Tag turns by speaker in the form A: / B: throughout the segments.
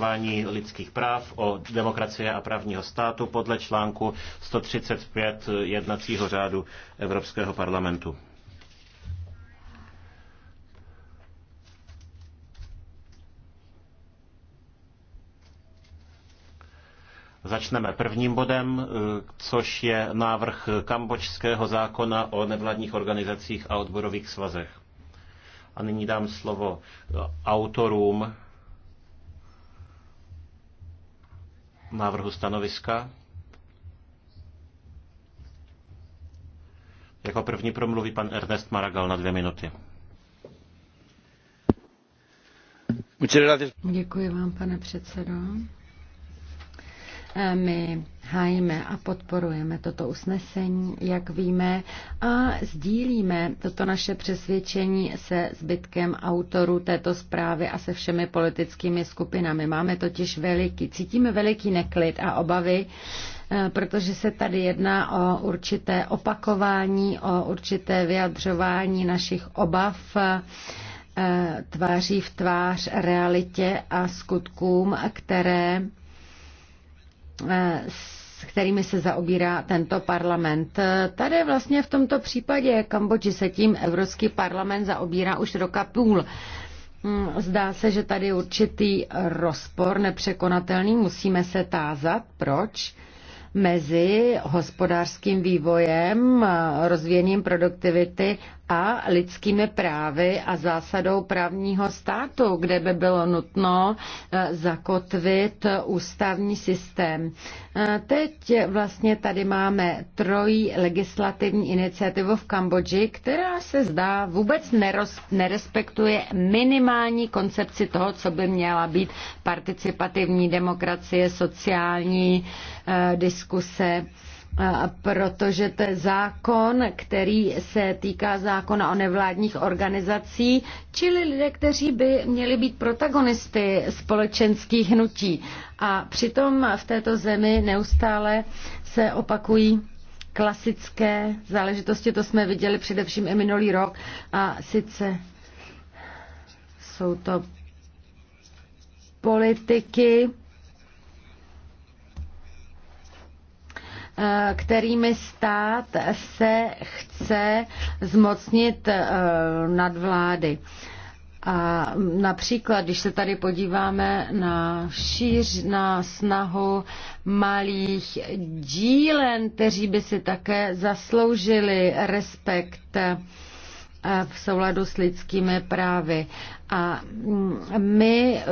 A: respektování lidských práv, o demokracie a právního státu podle článku 135 jednacího řádu Evropského parlamentu. Začneme prvním bodem, což je návrh kambočského zákona o nevládních organizacích a odborových svazech. A nyní dám slovo autorům návrhu stanoviska. Jako první promluví pan Ernest Maragal na dvě minuty.
B: Děkuji vám, pane předsedo. My hájíme a podporujeme toto usnesení, jak víme, a sdílíme toto naše přesvědčení se zbytkem autorů této zprávy a se všemi politickými skupinami. Máme totiž veliký, cítíme veliký neklid a obavy, e, protože se tady jedná o určité opakování, o určité vyjadřování našich obav e, tváří v tvář realitě a skutkům, které Eh, s kterými se zaobírá tento parlament. Tady vlastně v tomto případě Kambodži se tím Evropský parlament zaobírá už roka půl. Hmm, zdá se, že tady je určitý rozpor nepřekonatelný. Musíme se tázat, proč mezi hospodářským vývojem, rozvíjením produktivity a lidskými právy a zásadou právního státu, kde by bylo nutno eh, zakotvit ústavní systém. Eh, teď vlastně tady máme trojí legislativní iniciativu v Kambodži, která se zdá vůbec neroz, nerespektuje minimální koncepci toho, co by měla být participativní demokracie, sociální eh, diskuse. Eh, protože to je zákon, který se týká zákona o nevládních organizací, čili lidé, kteří by měli být protagonisty společenských hnutí. A přitom v této zemi neustále se opakují klasické záležitosti, to jsme viděli především i minulý rok, a sice jsou to politiky, Eh, kterými stát se chce zmocnit eh, nad vlády. A například, když se tady podíváme na šíř, na snahu malých dílen, kteří by si také zasloužili respekt eh, v souladu s lidskými právy. A mm, my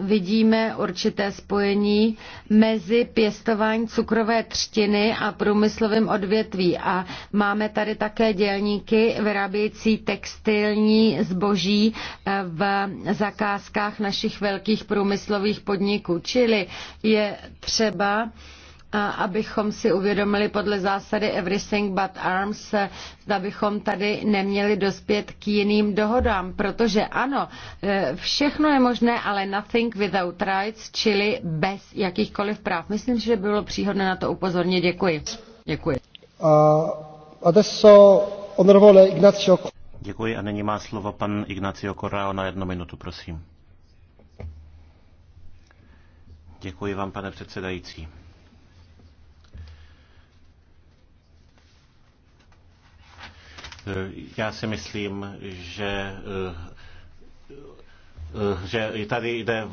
B: vidíme určité spojení mezi pěstováním cukrové třtiny a průmyslovým odvětví. A máme tady také dělníky vyrábějící textilní zboží eh, v zakázkách našich velkých průmyslových podniků. Čili je třeba abychom si uvědomili podle zásady Everything but Arms, zda bychom tady neměli dospět k jiným dohodám, protože ano, e, všechno je možné, ale nothing without rights, čili bez jakýchkoliv práv. Myslím, že bylo příhodné na to upozornit.
A: Děkuji. Děkuji. Uh, adesso onorevole Ignacio. Děkuji a nyní má slovo pan Ignacio Corrao na jednu minutu, prosím. Děkuji vám, pane předsedající. Já si myslím, že eh, že tady jde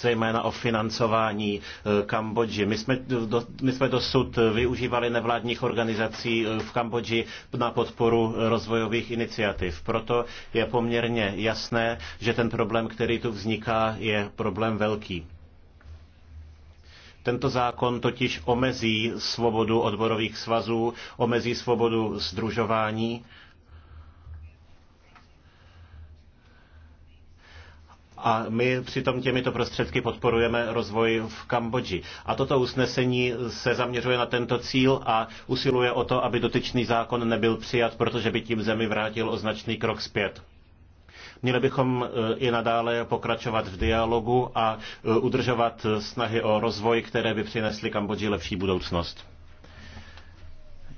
A: zejména o financování eh, Kambodži. My jsme, do, my jsme dosud využívali nevládních organizací eh, v Kambodži na podporu rozvojových iniciativ. Proto je poměrně jasné, že ten problém, který tu vzniká, je problém velký. Tento zákon totiž omezí svobodu odborových svazů, omezí svobodu združování a my přitom těmito prostředky podporujeme rozvoj v Kambodži. A toto usnesení se zaměřuje na tento cíl a usiluje o to, aby dotyčný zákon nebyl přijat, protože by tím zemi vrátil o značný krok zpět. Měli bychom e, i nadále pokračovat v dialogu a e, udržovat snahy o rozvoj, které by přinesly Kambodži lepší budoucnost.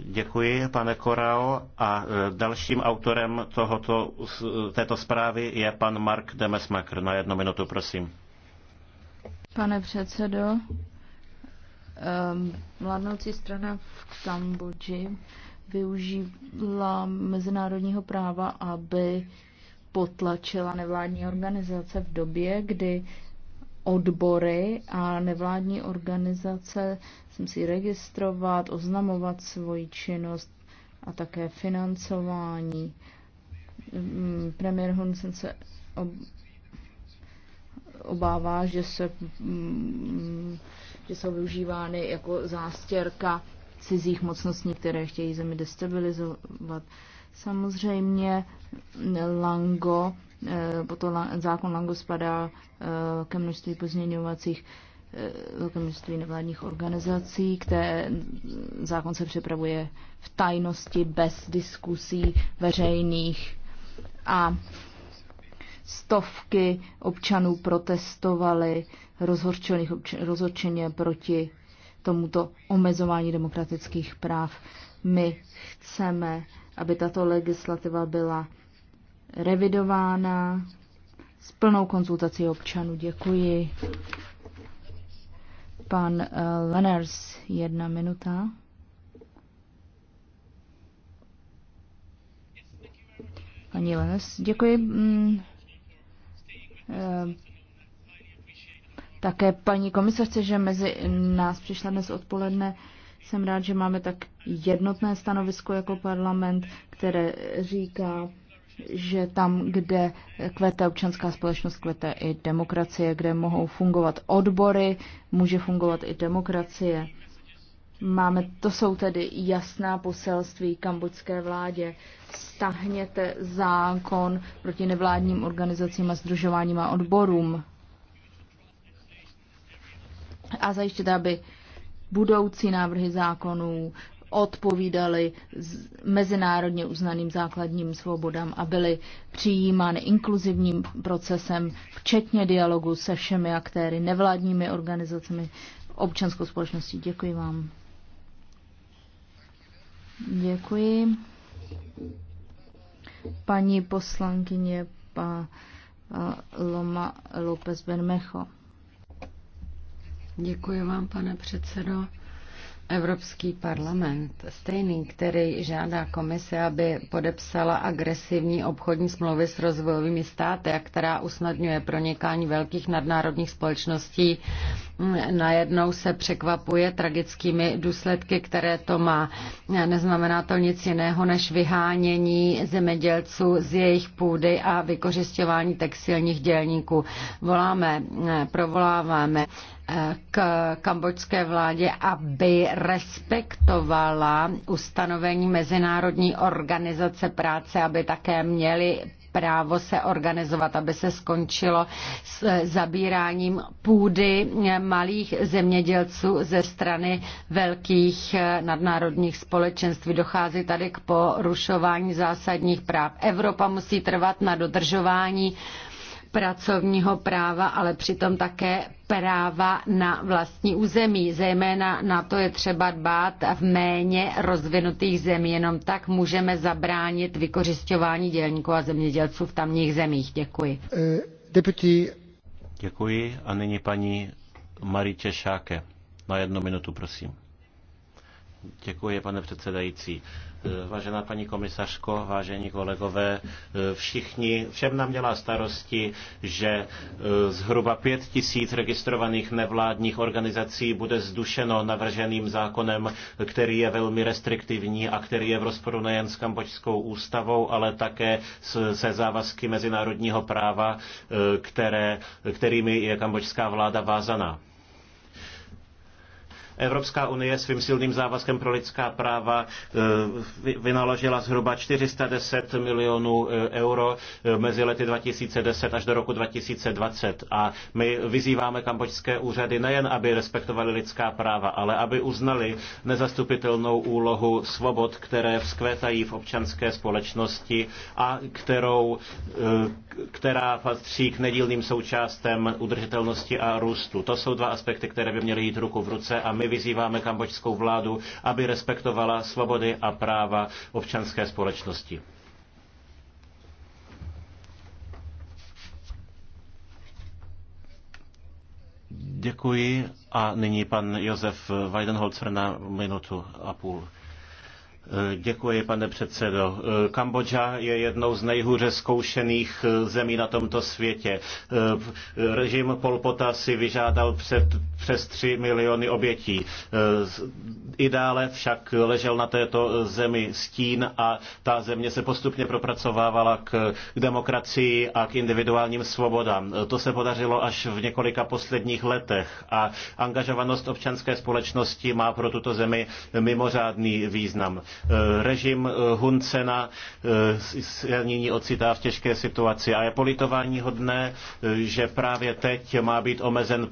A: Děkuji, pane Korao. A e, dalším autorem tohoto, této zprávy je pan Mark Demesmaker. Na jednu minutu, prosím.
C: Pane předsedo, vládnoucí strana v Kambodži využila mezinárodního práva, aby potlačila nevládní organizace v době, kdy odbory a nevládní organizace se musí registrovat, oznamovat svoji činnost a také financování. Mm, premiér Honsen se obává, že, se, mm, že jsou využívány jako zástěrka cizích mocností, které chtějí zemi destabilizovat. Samozřejmě eh, Lango, eh, potom zákon Lango spadá eh, ke množství pozměňovacích velké množství nevládních organizací, které hm, zákon se připravuje v tajnosti, bez diskusí veřejných a stovky občanů protestovaly rozhorčeně proti tomuto omezování demokratických práv. My chceme aby tato legislativa byla revidována s plnou konzultací občanů. Děkuji. Pan eh, Lenners, jedna minuta. Paní Lenners, děkuji. Mm, eh, také paní komisařce, že mezi nás přišla dnes odpoledne. Jsem rád, že máme tak jednotné stanovisko jako parlament, které říká, že tam, kde kvete občanská společnost, kvete i demokracie, kde mohou fungovat odbory, může fungovat i demokracie. Máme, to jsou tedy jasná poselství kambodžské vládě. Stahněte zákon proti nevládním organizacím a združováním a odborům. A zajištěte, aby budoucí návrhy zákonů odpovídaly mezinárodně uznaným základním svobodám a byly přijímány inkluzivním procesem, včetně dialogu se všemi aktéry, nevládními organizacemi, občanskou společností. Děkuji vám. Děkuji. Paní poslankyně pa, Loma López Bermejo. Děkuji vám, pane předsedo. Evropský
B: parlament, stejný, který žádá komise, aby podepsala agresivní obchodní smlouvy s rozvojovými státy, a která usnadňuje pronikání velkých nadnárodních společností, mm, najednou se překvapuje tragickými důsledky, které to má. Neznamená to nic jiného než vyhánění zemědělců z jejich půdy a vykořišťování textilních dělníků. Voláme, mm, provoláváme k kambodžské vládě, aby respektovala ustanovení Mezinárodní organizace práce, aby také měli právo se organizovat, aby se skončilo s zabíráním půdy malých zemědělců ze strany velkých nadnárodních společenství. Dochází tady k porušování zásadních práv. Evropa musí trvat na dodržování pracovního práva, ale přitom také práva na vlastní území. Zejména na to je třeba dbát v méně rozvinutých zemí. Jenom tak můžeme zabránit vykořišťování dělníků a zemědělců v tamních zemích. Děkuji. Eh,
A: Deputy. Děkuji a nyní paní Marie Šáke. Na jednu minutu, prosím. Děkuji, pane předsedající. Eh, vážená paní komisařko, vážení kolegové, eh, všichni, všem nám dělá starosti, že eh, zhruba pět tisíc registrovaných nevládních organizací bude zdušeno navrženým zákonem, který je velmi restriktivní a který je v rozporu nejen s kambočskou ústavou, ale také se závazky mezinárodního práva, které, kterými je kambočská vláda vázaná. Evropská unie svým silným závazkem pro lidská práva eh, vynaložila zhruba 410 milionů eh, euro eh, mezi lety 2010 až do roku 2020. A my vyzýváme kambočské úřady nejen, aby respektovali lidská práva, ale aby uznali nezastupitelnou úlohu svobod, které vzkvétají v občanské společnosti a kterou, která patří k nedílným součástem udržitelnosti a růstu. To jsou dva aspekty, které by měly jít ruku v ruce a my vyzýváme kambočskou vládu, aby respektovala svobody a práva občanské společnosti. Děkuji a nyní pan Josef Weidenholzer na minutu a půl. Děkuji, pane předsedo. Kambodža je jednou z nejhůře zkoušených zemí na tomto světě. Režim Polpota si vyžádal před, přes 3 miliony obětí. I dále však ležel na této zemi stín a ta země se postupně propracovávala k demokracii a k individuálním svobodám. To se podařilo až v několika posledních letech a angažovanost občanské společnosti má pro tuto zemi mimořádný význam. Eh, režim eh, Huncena eh, se nyní ocitá v těžké situaci a je politování hodné, že právě teď má být omezen,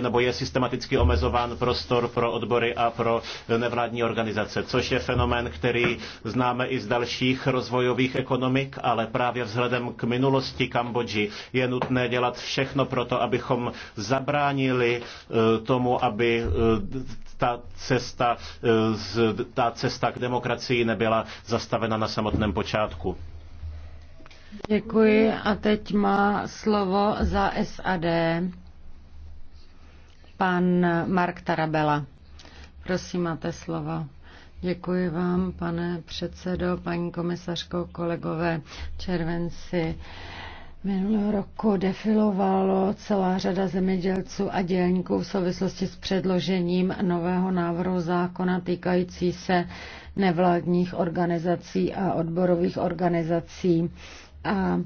A: nebo je systematicky omezován prostor pro odbory a pro nevládní organizace, což je fenomén, který známe i z dalších rozvojových ekonomik, ale právě vzhledem k minulosti Kambodži je nutné dělat všechno pro to, abychom zabránili tomu, aby ta cesta, ta cesta k demokracii demokracii nebyla zastavena na samotném počátku.
B: Děkuji a teď má slovo za SAD pan Mark Tarabela. Prosím, máte slovo. Děkuji vám, pane předsedo, paní komisařko, kolegové červenci. Minulého roku defilovalo celá řada zemědělců a dělníků v souvislosti s předložením nového návrhu zákona týkající se nevládních organizací a odborových organizací. A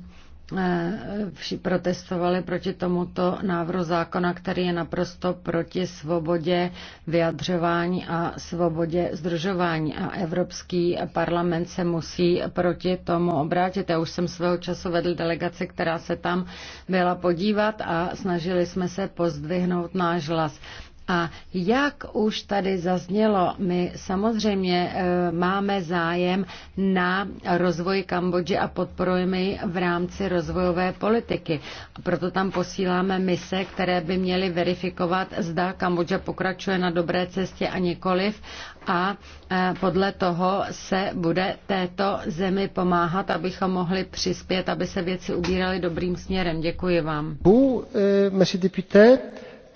B: Eh, protestovali proti tomuto návrhu zákona, který je naprosto proti svobodě vyjadřování a svobodě združování. A Evropský parlament se musí proti tomu obrátit. Já už jsem svého času vedl delegaci, která se tam byla podívat a snažili jsme se pozdvihnout náš hlas. A jak už tady zaznělo, my samozřejmě eh, máme zájem na rozvoj Kambodži a podporujeme ji v rámci rozvojové politiky. Proto tam posíláme mise, které by měly verifikovat, zda Kambodža pokračuje na dobré cestě a nikoliv. A eh, podle toho se bude této zemi pomáhat, abychom mohli přispět, aby se věci ubíraly dobrým směrem. Děkuji vám.
A: Bu, eh,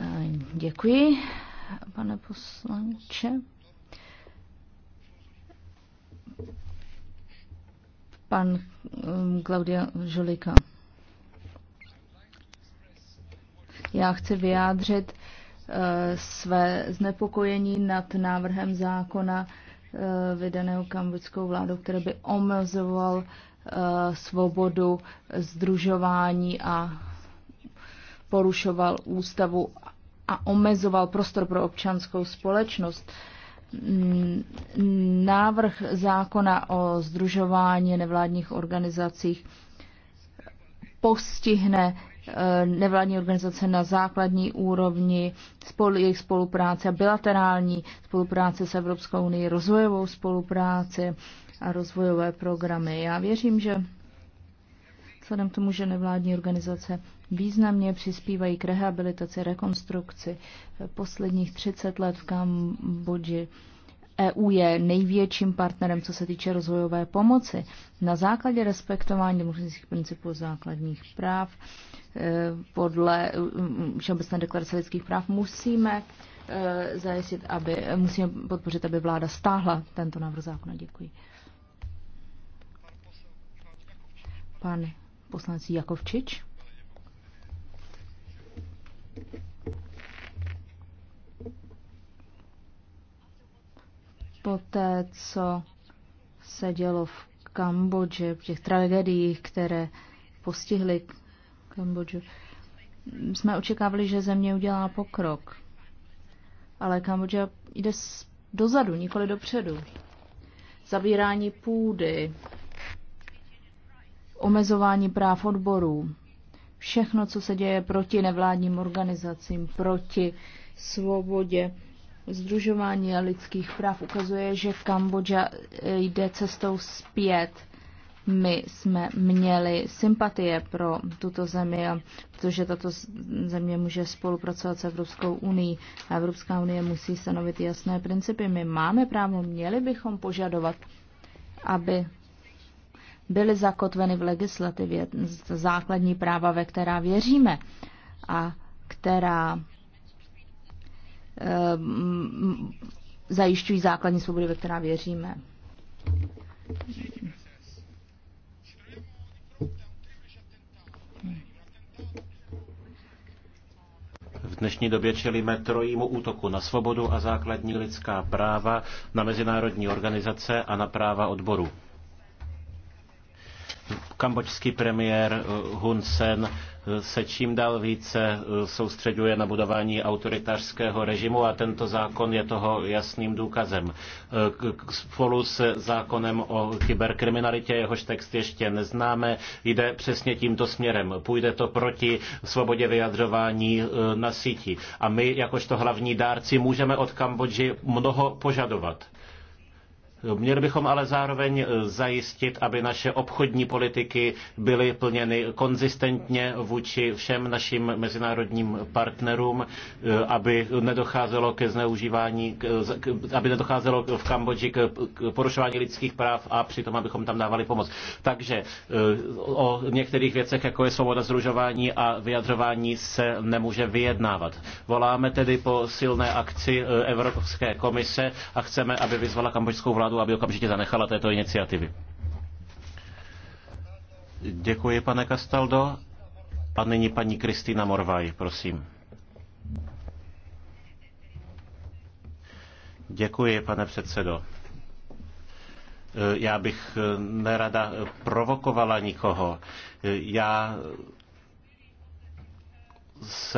C: Eh, děkuji, pane poslanče. Pan eh, Claudia Klaudia Žolika. Já chci vyjádřit eh, své znepokojení nad návrhem zákona vydaného kambodžskou vládou, který by omezoval svobodu združování a porušoval ústavu a omezoval prostor pro občanskou společnost. Mm, návrh zákona o združování nevládních organizacích postihne eh, nevládní organizace na základní úrovni, jejich spolupráce, bilaterální spolupráce s Evropskou unii, rozvojovou spolupráci a rozvojové programy. Já věřím, že vzhledem k tomu, že nevládní organizace významně přispívají k rehabilitaci, rekonstrukci. Posledních 30 let v Kambodži EU je největším partnerem, co se týče rozvojové pomoci. Na základě respektování demokratických principů základních práv eh, podle mm, Všeobecné deklarace lidských práv musíme eh, zajistit, aby, musíme podpořit, aby vláda stáhla tento návrh zákona. Děkuji. Pan poslanec Jakovčič. Poté, co se dělo v Kambodži, v těch tragediích, které postihly Kambodžu, jsme očekávali, že země udělá pokrok. Ale Kambodža jde dozadu, nikoli dopředu. Zabírání půdy, omezování práv odborů, všechno, co se děje proti nevládním organizacím, proti svobodě Združování lidských práv ukazuje, že Kambodža eh, jde cestou zpět. My jsme měli sympatie pro tuto zemi, protože tato země může spolupracovat s Evropskou unii. Evropská unie musí stanovit jasné principy. My máme právo, měli bychom požadovat, aby byly zakotveny v legislativě základní práva, ve která věříme a která Eh, zajišťují základní svobody, ve která věříme.
A: V dnešní době čelíme trojímu útoku na svobodu a základní lidská práva, na mezinárodní organizace a na práva odborů kambočský premiér eh, Hun Sen eh, se čím dál více eh, soustředuje na budování autoritářského režimu a tento zákon je toho jasným důkazem. Spolu s zákonem o kyberkriminalitě, jehož text ještě neznáme, jde přesně tímto směrem. Půjde to proti svobodě vyjadřování na síti. A my, jakožto hlavní dárci, můžeme od Kambodži mnoho požadovat. Měli bychom ale zároveň eh, zajistit, aby naše obchodní politiky byly plněny konzistentně vůči všem našim mezinárodním partnerům, eh, aby nedocházelo ke zneužívání, eh, aby nedocházelo v Kambodži k porušování lidských práv a přitom, abychom tam dávali pomoc. Takže o některých věcech, jako je svoboda združování a vyjadřování, se nemůže vyjednávat. Voláme tedy po silné akci Evropské komise a chceme, aby vyzvala kambodžskou vládu vládu, aby okamžitě zanechala této iniciativy. Děkuji, pane Castaldo. A nyní paní Kristýna Morvaj, prosím. Děkuji, pane předsedo. Já bych nerada provokovala nikoho. Já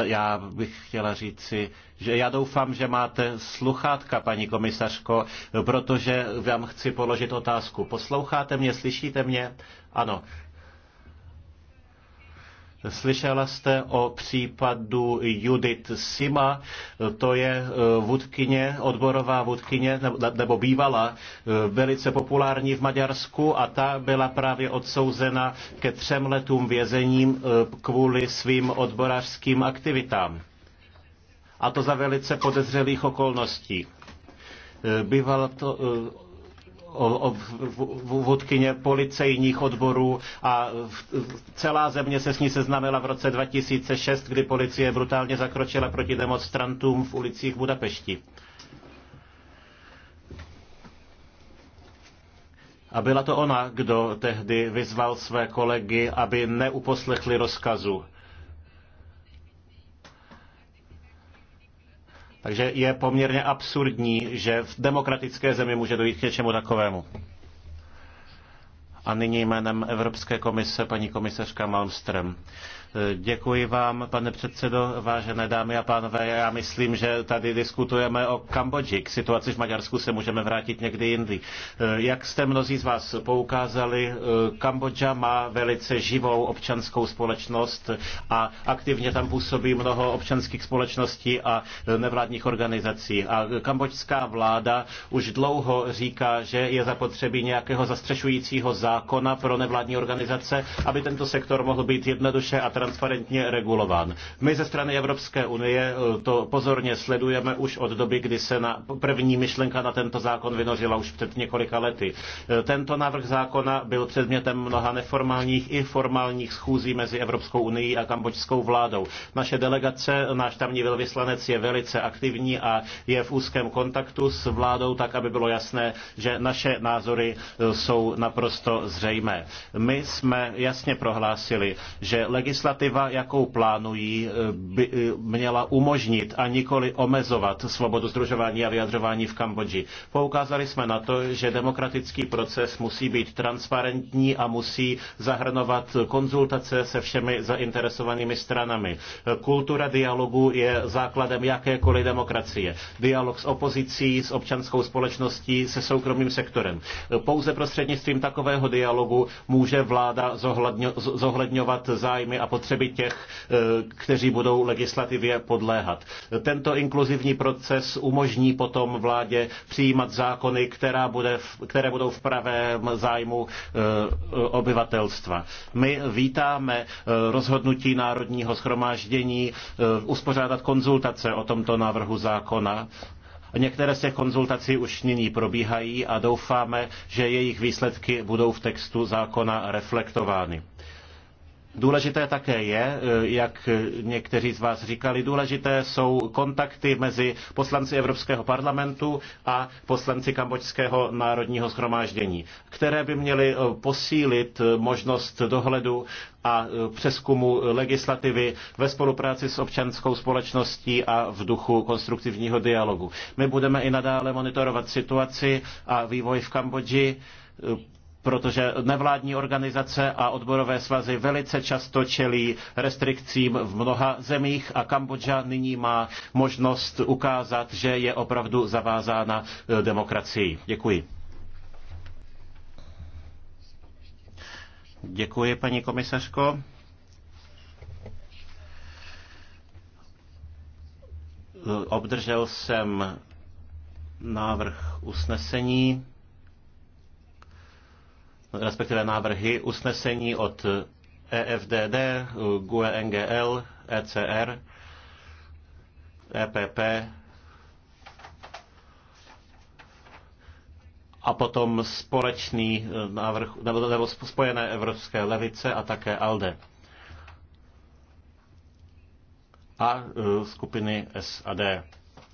A: já bych chtěla říci, že já doufám, že máte sluchátka, paní komisařko, protože vám chci položit otázku. Posloucháte mě, slyšíte mě? Ano, Slyšela jste o případu Judith Sima, to je eh, vůdkyně, odborová vůdkyně, nebo bývala, eh, velice populární v Maďarsku a ta byla právě odsouzena ke třem letům vězením eh, kvůli svým odborářským aktivitám. A to za velice podezřelých okolností. Bývala to, vůdkyně policejních odborů a celá země se s ní seznámila v roce 2006, kdy policie brutálně zakročila proti demonstrantům v ulicích Budapešti. A byla to ona, kdo tehdy vyzval své kolegy, aby neuposlechli rozkazu Takže je poměrně absurdní, že v demokratické zemi může dojít k něčemu takovému. A nyní jménem Evropské komise paní komisařka Malmström. Děkuji vám, pane předsedo, vážené dámy a pánové. Já myslím, že tady diskutujeme o Kambodži. K situaci v Maďarsku se můžeme vrátit někdy jindy. Jak jste mnozí z vás poukázali, Kambodža má velice živou občanskou společnost a aktivně tam působí mnoho občanských společností a nevládních organizací. A kambodžská vláda už dlouho říká, že je zapotřebí nějakého zastřešujícího zákona pro nevládní organizace, aby tento sektor mohl být jednoduše a transparentně regulován. My ze strany Evropské unie eh, to pozorně sledujeme už od doby, kdy se na první myšlenka na tento zákon vynořila už před několika lety. Eh, tento návrh zákona byl předmětem mnoha neformálních i formálních schůzí mezi Evropskou unii a kambočskou vládou. Naše delegace, náš tamní velvyslanec je velice aktivní a je v úzkém kontaktu s vládou, tak aby bylo jasné, že naše názory eh, jsou naprosto zřejmé. My jsme jasně prohlásili, že legislativní legislativa, jakou plánují, eh, by eh, měla umožnit a nikoli omezovat svobodu združování a vyjadřování v Kambodži. Poukázali jsme na to, že demokratický proces musí být transparentní a musí zahrnovat konzultace se všemi zainteresovanými stranami. Eh, kultura dialogu je základem jakékoliv demokracie. Dialog s opozicí, s občanskou společností, se soukromým sektorem. Pouze prostřednictvím takového dialogu může vláda zohledňovat zájmy a potřeby těch, eh, kteří budou legislativě podléhat. Tento inkluzivní proces umožní potom vládě přijímat zákony, která bude, které budou v pravém zájmu eh, obyvatelstva. My vítáme eh, rozhodnutí Národního schromáždění uspořádat konzultace o tomto návrhu zákona. Některé z těch konzultací už nyní probíhají a doufáme, že jejich výsledky budou v textu zákona reflektovány. Důležité také je, e, jak někteří z vás říkali, důležité jsou kontakty mezi poslanci Evropského parlamentu a poslanci Kambočského národního schromáždění, které by měly e, posílit e, možnost dohledu a přeskumu legislativy ve spolupráci s občanskou společností a v duchu konstruktivního dialogu. My budeme i nadále monitorovat situaci a vývoj v Kambodži protože nevládní organizace a odborové svazy velice často čelí restrikcím v mnoha zemích a Kambodža nyní má možnost ukázat, že je opravdu zavázána eh, demokracii. Děkuji. Děkuji, paní komisařko. Eh, obdržel jsem návrh usnesení respektive návrhy usnesení od EFDD, GUE NGL, ECR, EPP a potom společný eh, návrh, nebo, nebo spojené evropské levice a také ALDE a eh, skupiny SAD.